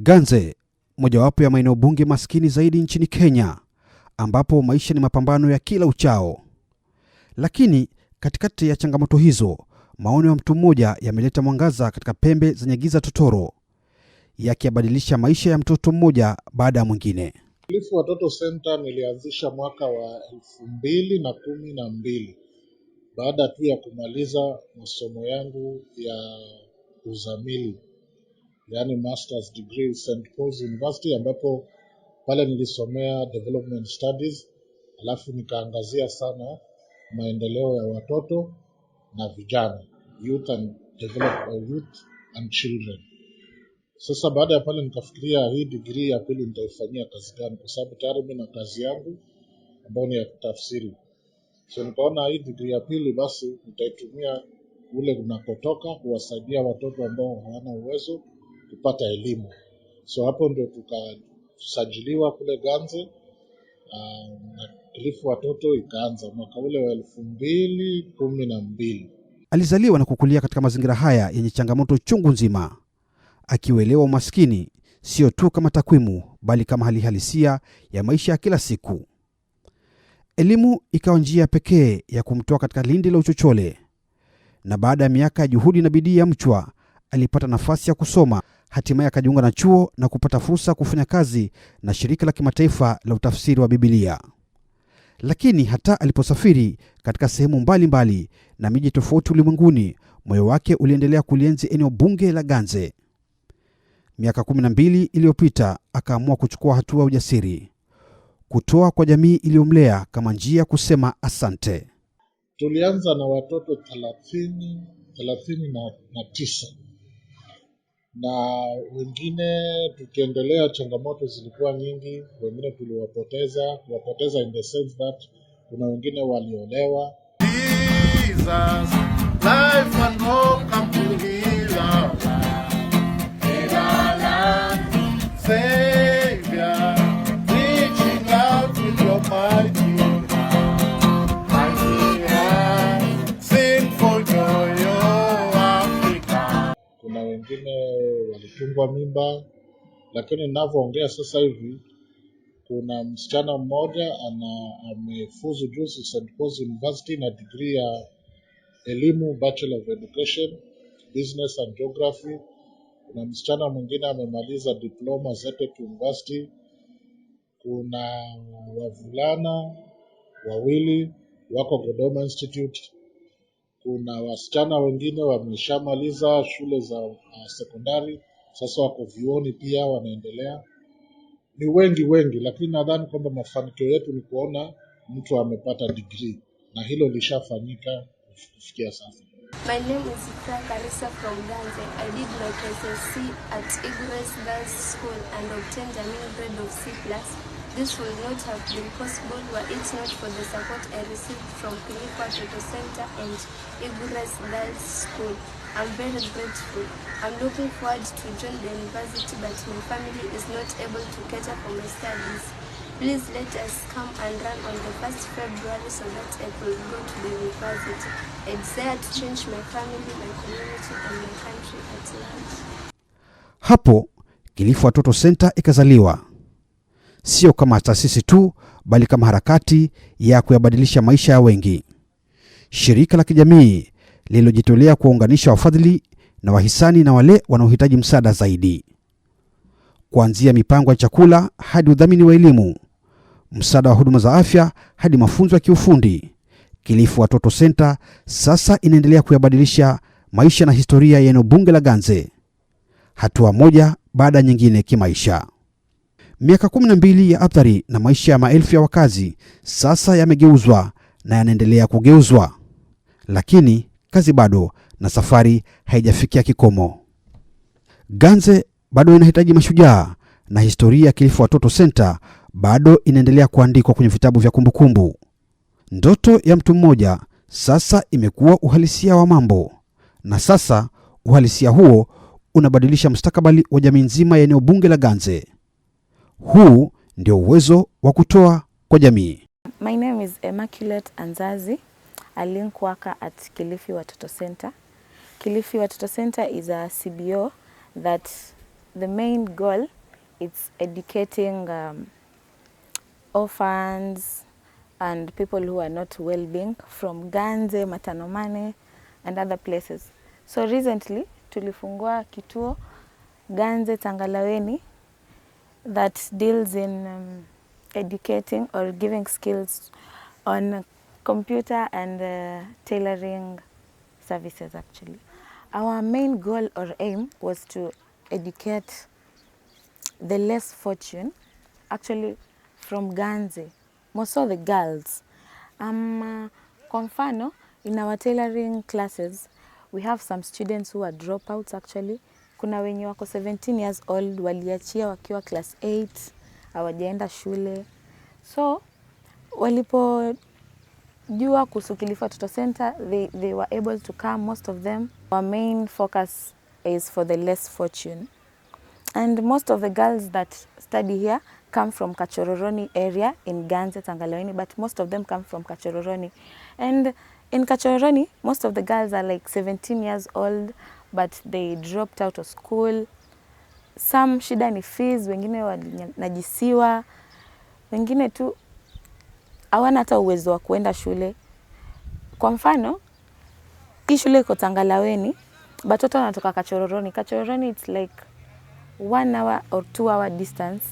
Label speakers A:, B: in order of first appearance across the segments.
A: Ganze, mojawapo ya maeneo bunge maskini zaidi nchini Kenya, ambapo maisha ni mapambano ya kila uchao. Lakini katikati ya changamoto hizo, maono ya mtu mmoja yameleta mwangaza katika pembe zenye giza totoro, yakiyabadilisha maisha ya mtoto mmoja baada ya mwingine.
B: Kilifi Watoto Senta nilianzisha mwaka wa elfu mbili na kumi na mbili baada tu ya kumaliza masomo yangu ya uzamili yani masters degree St Paul's University, ambapo pale nilisomea development studies, alafu nikaangazia sana maendeleo ya watoto na vijana youth and, develop, uh, youth and children. Sasa baada ya pale nikafikiria hii digrii ya pili nitaifanyia kazi gani, kwa sababu tayari mi na kazi yangu ambayo ni ya tafsiri. So nikaona hii digrii ya pili basi nitaitumia ule unakotoka kuwasaidia watoto ambao hawana uwezo kupata elimu. So hapo ndo tukasajiliwa kule Ganze um, na Kilifu Watoto ikaanza mwaka ule wa elfu mbili kumi na mbili.
A: Alizaliwa na kukulia katika mazingira haya yenye changamoto chungu nzima, akiuelewa umaskini sio tu kama takwimu, bali kama hali halisia ya maisha ya kila siku. Elimu ikawa njia pekee ya kumtoa katika lindi la uchochole, na baada ya miaka ya juhudi na bidii ya mchwa alipata nafasi ya kusoma hatimaye akajiunga na chuo na kupata fursa kufanya kazi na shirika la kimataifa la utafsiri wa Biblia. Lakini hata aliposafiri katika sehemu mbalimbali mbali na miji tofauti ulimwenguni, moyo wake uliendelea kulienzi eneo bunge la Ganze. Miaka 12 iliyopita akaamua kuchukua hatua ya ujasiri, kutoa kwa jamii iliyomlea kama njia ya kusema asante.
B: Tulianza na watoto thelathini thelathini na tisa na wengine tukiendelea, changamoto zilikuwa nyingi. Wengine tuliwapoteza, wapoteza in the sense that kuna wengine waliolewa. Jesus, life kwa mimba, lakini ninavyoongea sasa hivi kuna msichana mmoja ana amefuzu juzi St. Paul's University na degree ya elimu Bachelor of Education, Business and Geography. Kuna msichana mwingine amemaliza diploma Zetech University. Kuna wavulana wawili wako Godoma Institute. Kuna wasichana wengine wameshamaliza shule za uh, sekondari sasa wako vioni pia wanaendelea, ni wengi wengi, lakini nadhani kwamba mafanikio yetu ni kuona mtu amepata degree na hilo lishafanyika kufikia sasa.
C: My name is Ifra Karisa from Ganze. I did my KCSE at igres girls School and obtained a mean grade of C+. This would not have been possible were it not for the support I received from Pilikwa Toto Center and igres girls School. I'm very grateful. I'm looking forward to join the university, but my family is not able to cater for my studies. Please let us come and run on the 1st February so that I could go to the university. I desire to change my family, my community and my country at large.
A: Hapo Kilifi Watoto Center ikazaliwa sio kama taasisi tu, bali kama harakati ya kuyabadilisha maisha ya wengi, shirika la kijamii lililojitolea kuwaunganisha wafadhili na wahisani na wale wanaohitaji msaada zaidi, kuanzia mipango ya chakula hadi udhamini wa elimu, msaada wa huduma za afya hadi mafunzo ya kiufundi. Kilifi Watoto senta sasa inaendelea kuyabadilisha maisha na historia ya eneo bunge la Ganze, hatua moja baada ya nyingine kimaisha. Miaka kumi na mbili ya athari na maisha ya maelfu ya wakazi sasa yamegeuzwa na yanaendelea kugeuzwa, lakini kazi bado na safari haijafikia kikomo. Ganze bado inahitaji mashujaa na historia ya kilifu Watoto Senta bado inaendelea kuandikwa kwenye vitabu vya kumbukumbu. Ndoto ya mtu mmoja sasa imekuwa uhalisia wa mambo, na sasa uhalisia huo unabadilisha mstakabali wa jamii nzima ya eneo bunge la Ganze. Huu ndio uwezo wa kutoa kwa jamii.
D: My name is Immaculate Anzazi. Aline waka at Kilifi Watoto Center. Kilifi Watoto Center is a CBO that the main goal it's educating um, orphans and people who are not well being from Ganze, Matanomane and other places. So recently tulifungua kituo Ganze Tangalaweni that deals in um, educating or giving skills on computer and uh, tailoring services actually. Our main goal or aim was to educate the less fortune actually from Ganze, most of the girls. Um, kwa mfano, in our tailoring classes, we have some students who are dropouts actually. Kuna wenye wako 17 years old waliachia wakiwa class 8 hawajaenda shule. So walipo jua kuhusu Kilifi Toto Center, they, they were able to come, most of them. Our main focus is for the less fortune. And most of the girls that study here come from Kachororoni area in Ganze, Tangalaweni, but most of them come from Kachororoni. And in Kachororoni, most of the girls are like 17 years old, but they dropped out of school. Some shida ni fees, wengine wanajisiwa, wengine tu hawana hata uwezo wa kuenda shule. Kwa mfano, hii shule iko Tangalaweni, watoto wanatoka Kachororoni. Kachororoni it's like one hour or two hour distance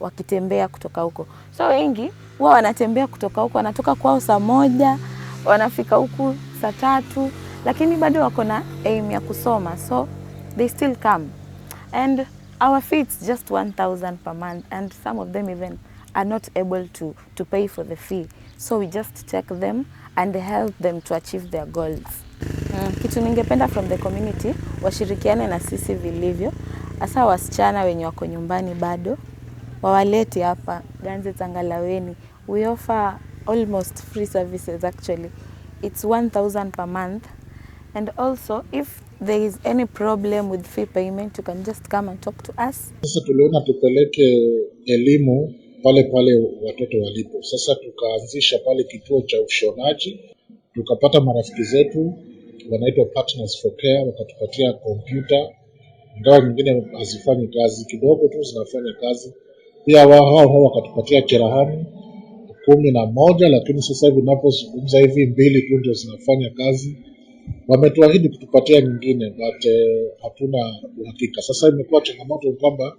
D: wakitembea kutoka huko. So wengi huwa wanatembea kutoka huko, wanatoka kwao saa moja, wanafika huku saa tatu, lakini bado wako na aim ya kusoma, so they still come and our fees just 1000 per month and some of them even 2000 are not able to, to pay for the fee. So we just check them and help them to achieve their goals. Mm. mm. Kitu ningependa from the community washirikiane na sisi vilivyo, hasa wasichana wenye wako nyumbani bado wawalete hapa Ganze Tangalaweni. We offer almost free services actually. It's 1000 per month and also if there is any problem with fee payment you can just come and talk to us.
B: Sisi tuliona tupeleke elimu pale pale watoto walipo. Sasa tukaanzisha pale kituo cha ushonaji, tukapata marafiki zetu wanaitwa Partners for Care, wakatupatia kompyuta, ingawa nyingine hazifanyi kazi, kidogo tu zinafanya kazi. Pia wao hao wakatupatia cherehani kumi na moja, lakini sasa hivi ninapozungumza hivi mbili tu ndio zinafanya kazi. Wametuahidi kutupatia nyingine but eh, hatuna uhakika. Sasa imekuwa changamoto kwamba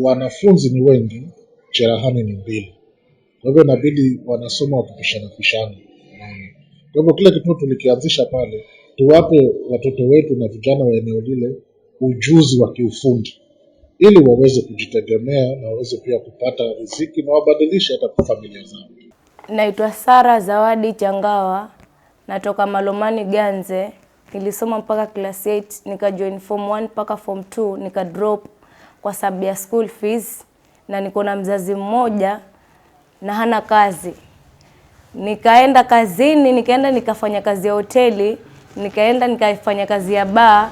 B: wanafunzi ni wengi cherahani ni mbili, kwa hivyo inabidi wanasoma wakipishana pishana. Kwa hivyo kile kituo tulikianzisha pale, tuwape watoto wetu na vijana wa eneo lile ujuzi wa kiufundi ili waweze kujitegemea na waweze pia kupata riziki na wabadilishe hata kwa familia zao.
E: Naitwa Sara Zawadi Changawa, natoka Malomani Ganze. Nilisoma mpaka class 8 nika join form 1 mpaka form 2 nika drop kwa sababu ya school fees na niko na mzazi mmoja na hana kazi. Nikaenda kazini, nikaenda nikafanya kazi ya hoteli, nikaenda nikafanya kazi ya baa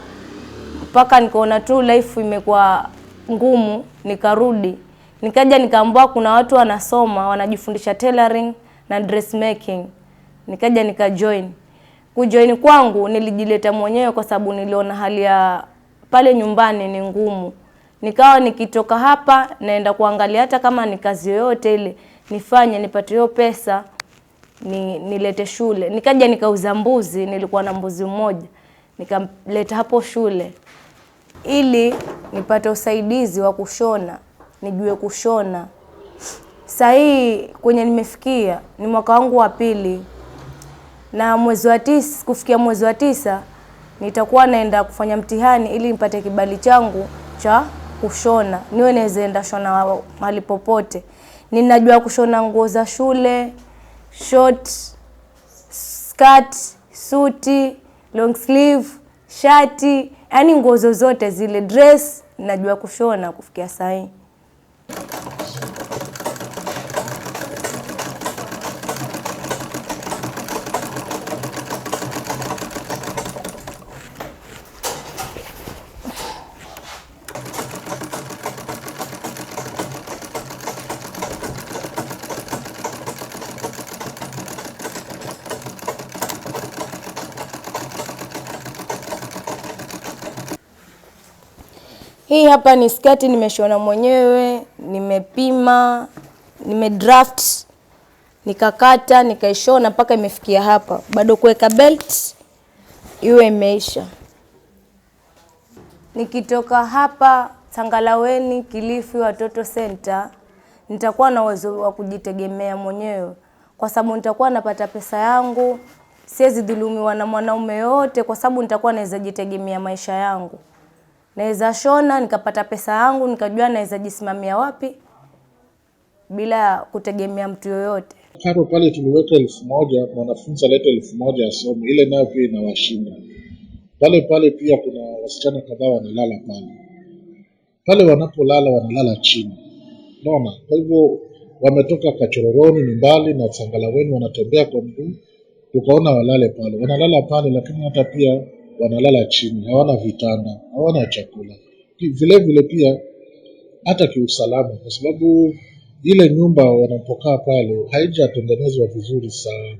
E: mpaka nikaona tu life imekuwa ngumu, nikarudi nikaja nikaambua kuna watu wanasoma wanajifundisha tailoring na dressmaking, nikaja nikajoin. Kujoin kwangu nilijileta mwenyewe kwa sababu niliona hali ya pale nyumbani ni ngumu nikawa nikitoka hapa naenda kuangalia hata kama ni kazi yoyote ile nifanye nipate hiyo pesa ni, nilete shule. Nikaja nikauza mbuzi, nilikuwa na mbuzi mmoja nikamleta hapo shule ili nipate usaidizi wa kushona, nijue kushona. Saa hii kwenye nimefikia ni mwaka wangu wa pili, na mwezi wa tisa, kufikia mwezi wa tisa nitakuwa naenda kufanya mtihani ili nipate kibali changu cha kushona, niwe naweza enda shona mahali popote. Ninajua kushona nguo za shule, short skirt, suti, long sleeve, shati, yaani nguo zozote zile, dress najua kushona kufikia sahii. Hii hapa ni skati nimeshona mwenyewe, nimepima, draft, nikakata, nikaishona mpaka imefikia hapa. Bado kuweka belt iwe imeisha. Nikitoka hapa Tangalaweni Kilifi Watoto Center nitakuwa na uwezo wa kujitegemea mwenyewe, kwa sababu nitakuwa napata pesa yangu, siwezi dhulumiwa na mwanaume yoyote, kwa sababu nitakuwa naweza jitegemea maisha yangu naweza shona nikapata pesa yangu, nikajua naweza jisimamia wapi bila kutegemea mtu yoyote.
B: Karo pale tuliweka elfu moja mwanafunzi aleta elfu moja asome, ile nayo pia inawashinda pale pale. Pia kuna wasichana kadhaa wanalala pale pale, wanapolala wanalala chini, naona kwa hivyo wametoka Kachororoni, ni mbali na Sangalaweni, wanatembea kwa mguu, tukaona walale pale, wanalala pale, lakini hata pia wanalala chini, hawana vitanda, hawana chakula. Vilevile vile pia hata kiusalama, kwa sababu ile nyumba wanapokaa pale haijatengenezwa vizuri sana,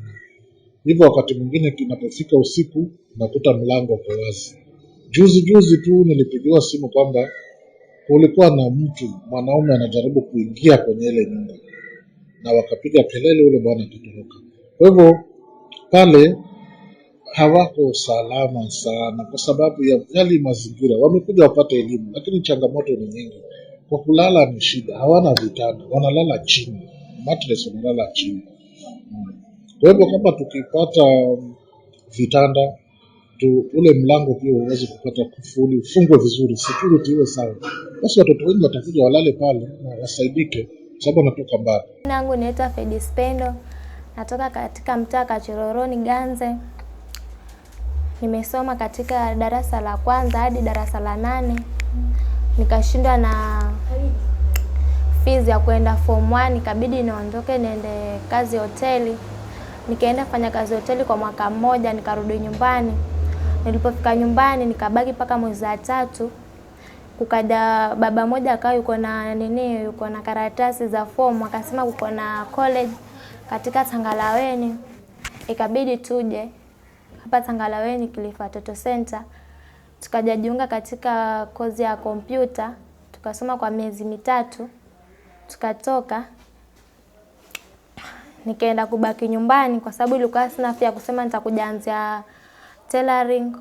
B: hivyo wakati mwingine kinapofika usiku unakuta mlango kwa wazi. Juzi juzi tu nilipigiwa simu kwamba kulikuwa na mtu mwanaume anajaribu kuingia kwenye ile nyumba, na wakapiga kelele, ule bwana akatoroka. Kwa hivyo pale hawako salama sana kwa sababu ya hali mazingira. Wamekuja wapate elimu, lakini changamoto ni nyingi. Kwa kulala ni shida, hawana vitanda, wanalala chini, matres wanalala chini. Kwa hivyo kama tukipata vitanda tu, ule mlango pia uweze kupata kufuli, ufungwe vizuri, security iwe sawa, basi watoto wengi watakuja walale pale na wasaidike, sababu wanatoka mbali.
F: Nangu naitwa fedispendo natoka katika mtaa Kachororoni Ganze. Nimesoma katika darasa la kwanza hadi darasa la nane nikashindwa na fees ya kwenda form 1 nikabidi niondoke niende kazi hoteli. Nikaenda fanya kazi hoteli kwa mwaka mmoja, nikarudi nyumbani. Nilipofika nyumbani nikabaki mpaka mwezi wa tatu, kukaja baba moja akawa yuko na nini, yuko na karatasi za form, akasema kuko na college katika Tangalaweni, ikabidi tuje hapa Tangalaweni Kilifa Toto Center, tukajajiunga katika kozi ya kompyuta, tukasoma kwa miezi mitatu, tukatoka nikaenda kubaki nyumbani kwa sababu ilikuwa sina afya ya kusema nitakujaanzia tailoring.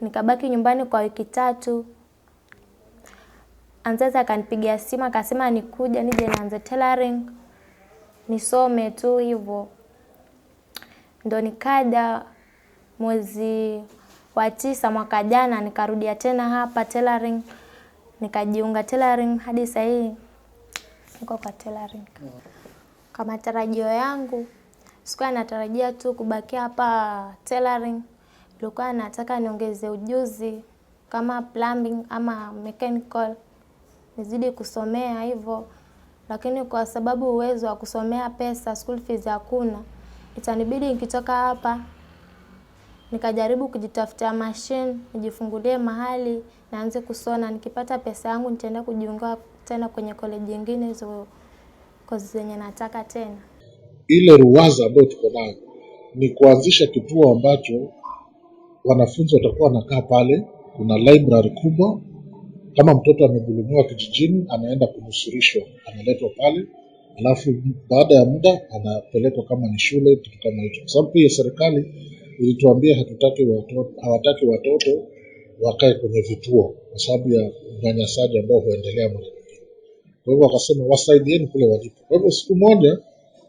F: Nikabaki nyumbani kwa wiki tatu. Anzaza akanipigia simu akasema nikuja nije nianze tailoring nisome tu hivyo, ndo nikaja mwezi wa tisa mwaka jana nikarudia tena hapa tailoring, nikajiunga tailoring hadi sasa hii niko kwa tailoring. Kwa matarajio yangu sikuwa natarajia tu kubakia hapa tailoring, nilikuwa nataka niongeze ujuzi kama plumbing ama mechanical, nizidi kusomea hivyo, lakini kwa sababu uwezo wa kusomea pesa, school fees hakuna, itanibidi nikitoka hapa nikajaribu kujitafutia mashine nijifungulie mahali naanze kusona. Nikipata pesa yangu nitaenda kujiunga tena kwenye koleji nyingine hizo kozi zenye nataka tena.
B: Ile ruwaza ambayo tuko nayo ni kuanzisha kituo ambacho wanafunzi watakuwa wanakaa pale. Kuna library kubwa, kama mtoto amedhulumiwa kijijini anaenda kunusurishwa, analetwa pale, alafu baada ya muda anapelekwa kama ni shule, kitu kama hicho, kwa sababu pia serikali ilituambia hatutaki watoto, hawataki watoto wakae kwenye vituo kwa sababu ya unyanyasaji ambao huendelea mara nyingine. Kwa hivyo wakasema wasaidieni kule walipo. Kwa hivyo siku moja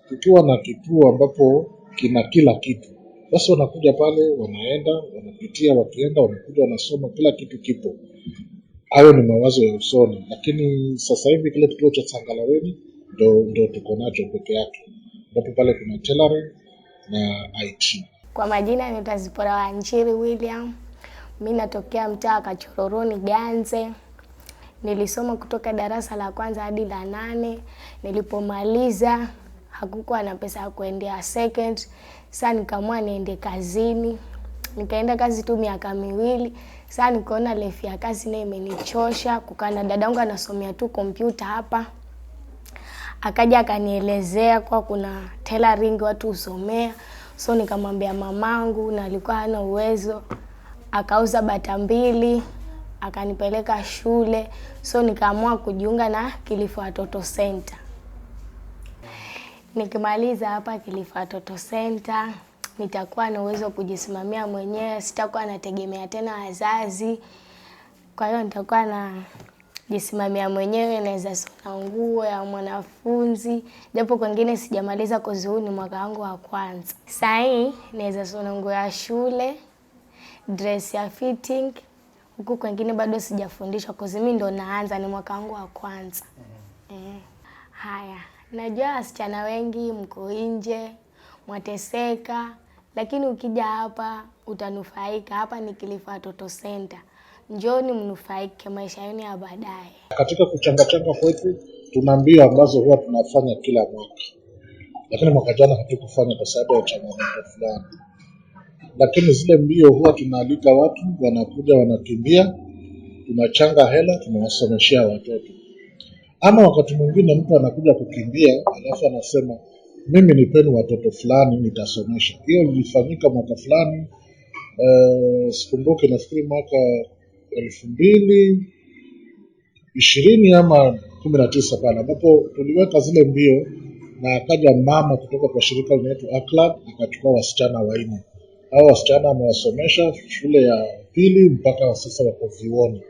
B: tukiwa na kituo ambapo kina kila kitu, basi wanakuja pale, wanaenda wanapitia, wakienda wanakuja, wanasoma, kila kitu kipo. Hayo ni mawazo ya usoni, lakini sasa hivi kile kituo cha Sangalaweni ndo, ndo tuko nacho peke yake, ambapo pale kuna tailoring na IT.
E: Kwa majina anaitwa Zipora Wanjiri William. Mimi natokea mtaa wa Kachororoni Ganze. Nilisoma kutoka darasa la kwanza hadi la nane. Nilipomaliza hakukuwa na pesa ya kuendea second, sasa nikaamua niende kazini. Nikaenda kazi tu miaka miwili. Sasa nikaona lefi ya kazi nayo imenichosha, kukaa na dadangu anasomea tu kompyuta hapa. Akaja akanielezea kwa kuna tailoring watu husomea so nikamwambia mamangu, na alikuwa hana uwezo, akauza bata mbili akanipeleka shule, so nikaamua kujiunga na Kilifi Watoto Center. Nikimaliza hapa Kilifi Watoto Center nitakuwa na uwezo wa kujisimamia mwenyewe, sitakuwa nategemea tena wazazi, kwa hiyo nitakuwa na jisimamia mwenyewe, naweza sona nguo ya mwanafunzi, japo kwengine sijamaliza kozi. Huu ni mwaka wangu wa kwanza. Saa hii naweza sona nguo ya shule, dress ya fitting, huku kwengine bado sijafundishwa kozi. Mi ndo naanza, ni mwaka wangu wa kwanza. mm -hmm. E, haya, najua wasichana wengi mko nje mwateseka, lakini ukija hapa utanufaika. Hapa ni Kilifi Watoto Center njoni mnufaike maisha yenu ya baadaye.
B: Katika kuchangachanga kwetu, tuna mbio ambazo huwa tunafanya kila mwaka, lakini mwaka jana hatukufanya kwa sababu ya changamoto fulani, lakini zile mbio huwa tunaalika watu, wanakuja wanakimbia, tunachanga hela, tunawasomeshea watoto. Ama wakati mwingine mtu anakuja kukimbia, alafu anasema mimi nipeni watoto fulani nitasomesha. Hiyo ilifanyika mwaka fulani, uh, sikumbuki, nafikiri mwaka elfu mbili ishirini ama kumi na tisa pale ambapo tuliweka zile mbio na akaja mama kutoka kwa shirika linaitwa Aclab akachukua wasichana wanne. au wasichana amewasomesha shule ya pili mpaka sasa wako vyuoni,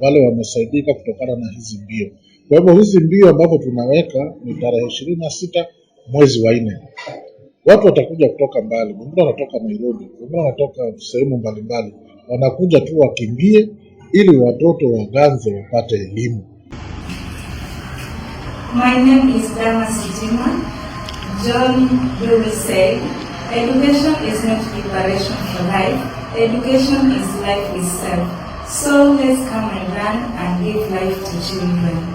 B: wale wamesaidika kutokana na hizi mbio. Kwa hivyo hizi mbio ambazo tunaweka ni tarehe ishirini na sita mwezi wa nne. Watu watakuja kutoka mbali, wengine wanatoka Nairobi, wengine wanatoka sehemu mbalimbali, wanakuja tu wakimbie ili watoto waganze wapate elimu.
G: My name is Dana Sijima. John Dewey said, education is not preparation for life. Education is life itself. So let's come and learn and give life to children.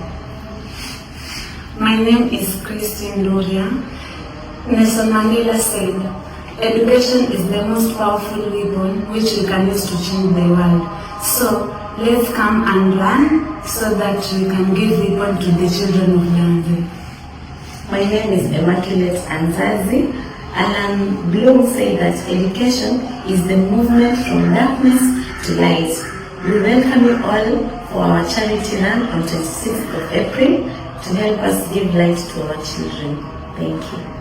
H: My name is Christine Doria. Nelson Mandela said, education is the most powerful weapon which we can use to change the world. So let's come and learn so that we can give the point to the children of Nyanza.
I: My name is Immaculate Anzazi. Alan um, Bloom said that education is the movement from darkness to light. We welcome you all for our charity run on 26th of April to help us give light to our children. Thank you.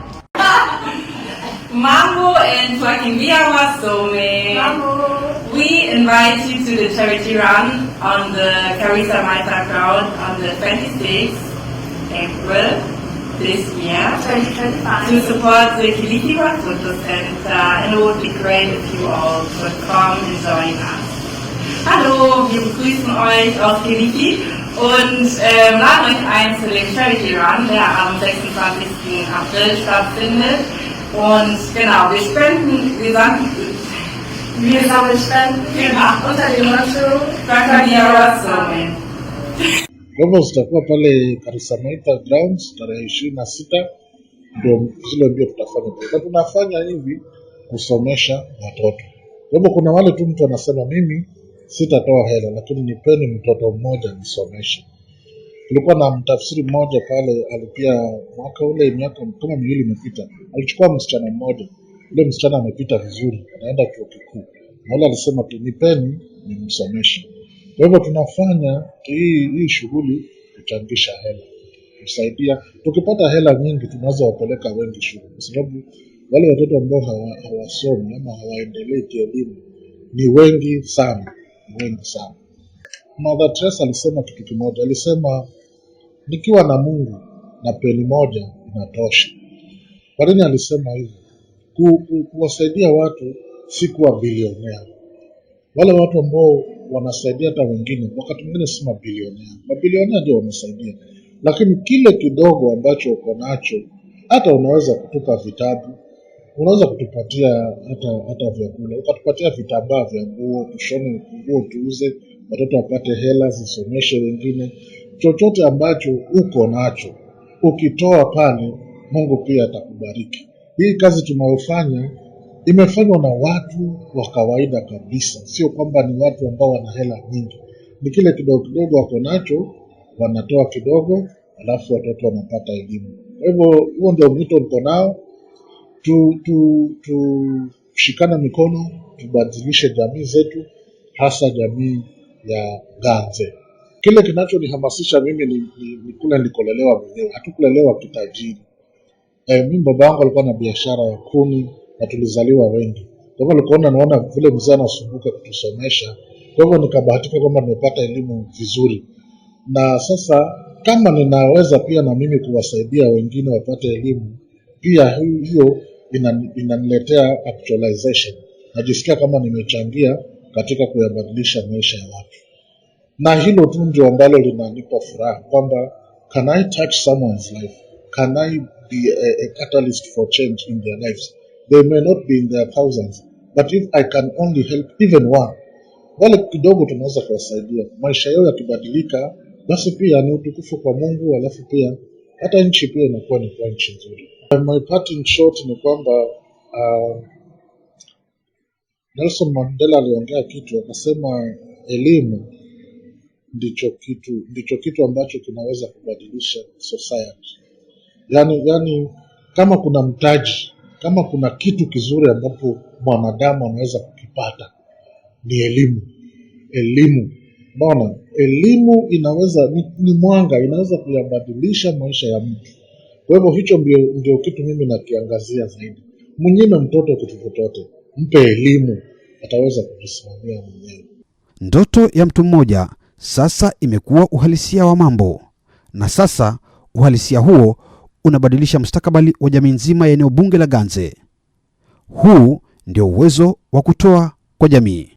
J: Mambo and Joaquin Villasome. Mambo. We invite you to the charity run on the Carissa Maita crowd on the 26th April this year to support the Kilikiwa Photo Center and it would be great if you all could come and join us. Hallo, wir begrüßen euch aus Kiliki und ähm, laden euch ein zu dem Charity Run, der am 26. April stattfindet. Und genau, wir spenden, wir sagen, wir sammeln Spenden, genau, unter dem Motto Bakaria sammeln.
B: Kama zitakuwa pale Karisamaita grounds tarehe ishirini na sita ndio zile mbio tutafanya na tunafanya hivi kusomesha watoto. hivyo kuna wale tu mtu anasema mimi sitatoa hela, lakini nipeni mtoto mmoja nisomeshe kulikuwa na mtafsiri mmoja pale, alipia mwaka ule, miaka kama miwili imepita, alichukua msichana mmoja. Ule msichana amepita vizuri, anaenda chuo kikuu, na ule alisema tu, nipeni nimsomeshe. Kwa hivyo tunafanya hii hii shughuli kuchangisha hela, kusaidia. Tukipata hela nyingi, tunaweza wapeleka wengi shule, kwa sababu wale watoto ambao hawasomi hawa ama hawaendelei kielimu ni wengi sana, ni wengi sana. Mother Teresa alisema kitu kimoja, alisema nikiwa na Mungu na peni moja inatosha. Kwa nini alisema hivyo? Kuwasaidia watu si kuwa bilionea. Wale watu ambao wanasaidia hata wengine, wakati mwingine si mabilionea. Mabilionea ndio wanasaidia, lakini kile kidogo ambacho uko nacho, hata unaweza kutupa vitabu unaweza kutupatia hata hata vyakula, ukatupatia vitambaa vya nguo, tushone nguo, tuuze, watoto wapate hela, zisomeshe wengine. Chochote ambacho uko nacho ukitoa pale, Mungu pia atakubariki. Hii kazi tunayofanya imefanywa na watu wa kawaida kabisa, sio kwamba ni watu ambao wana hela nyingi. Ni kile kidogo kidogo wako nacho, wanatoa kidogo, alafu watoto wanapata elimu. Kwa hivyo, huo ndio mwito niko nao tushikana tu, tu mikono tubadilishe jamii zetu, hasa jamii ya Ganze. Kile kinachonihamasisha mimi ni, ni, ni kule nilikolelewa mwenyewe. Hatukulelewa kitajiri. E, eh, mi baba yangu alikuwa na biashara ya kuni na tulizaliwa wengi, kwa hivyo likuona naona vile mzee anasumbuka kutusomesha, kwa hivyo nikabahatika kwamba nimepata elimu vizuri, na sasa kama ninaweza pia na mimi kuwasaidia wengine wapate elimu pia hiyo inaniletea actualization, najisikia kama nimechangia katika kuyabadilisha maisha ya watu, na hilo tu ndio ambalo linanipa furaha kwamba can I touch someone's life, can I be a, a catalyst for change in their lives. They may not be in their thousands, but if I can only help even one, wale kidogo tunaweza kuwasaidia, maisha yao yakibadilika, basi pia ni utukufu kwa Mungu, alafu pia hata nchi pia inakuwa ni kwa nchi nzuri. My part in short ni kwamba uh, Nelson Mandela aliongea kitu akasema, elimu ndicho kitu ndicho kitu ambacho kinaweza kubadilisha society. Yani, yani kama kuna mtaji, kama kuna kitu kizuri ambapo mwanadamu anaweza kukipata ni elimu. Elimu mbona elimu inaweza ni, ni mwanga, inaweza kuyabadilisha maisha ya mtu. Kwa hivyo hicho ndio kitu mimi nakiangazia zaidi. Mnyime mtoto kitu chochote, mpe elimu, ataweza kujisimamia mwenyewe.
A: Ndoto ya mtu mmoja sasa imekuwa uhalisia wa mambo, na sasa uhalisia huo unabadilisha mustakabali wa jamii nzima ya eneo bunge la Ganze. Huu ndio uwezo wa kutoa kwa jamii.